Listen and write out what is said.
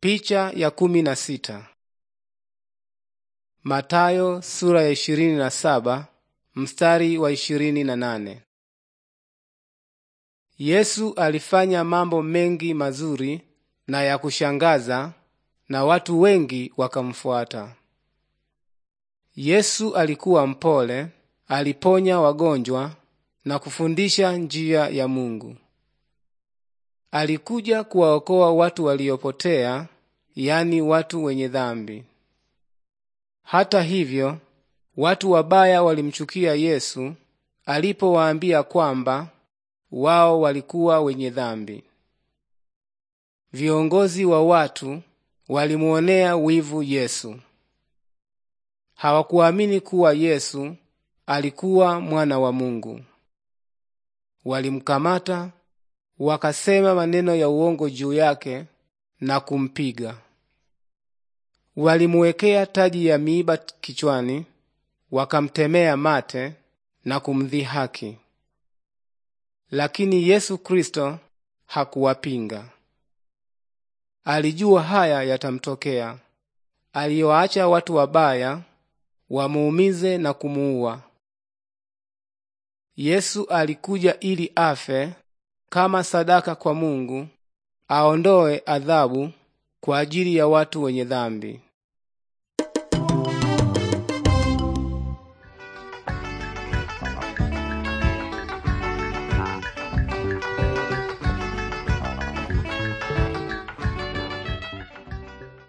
Picha ya kumi na sita. Matayo sura ya ishirini na saba mstari wa ishirini na nane. Yesu alifanya mambo mengi mazuri na ya kushangaza na watu wengi wakamfuata. Yesu alikuwa mpole, aliponya wagonjwa na kufundisha njia ya Mungu. Alikuja kuwaokoa watu waliopotea, yani watu wenye dhambi. Hata hivyo, watu wabaya walimchukia Yesu alipowaambia kwamba wao walikuwa wenye dhambi. Viongozi wa watu walimuonea wivu Yesu. Hawakuamini kuwa Yesu alikuwa mwana wa Mungu. Walimkamata wakasema maneno ya uongo juu yake na kumpiga. Walimuwekea taji ya miiba kichwani, wakamtemea mate na kumdhihaki. Lakini Yesu Kristo hakuwapinga. Alijua haya yatamtokea. aliyoacha watu wabaya wamuumize na kumuua. Yesu alikuja ili afe kama sadaka kwa Mungu aondoe adhabu kwa ajili ya watu wenye dhambi.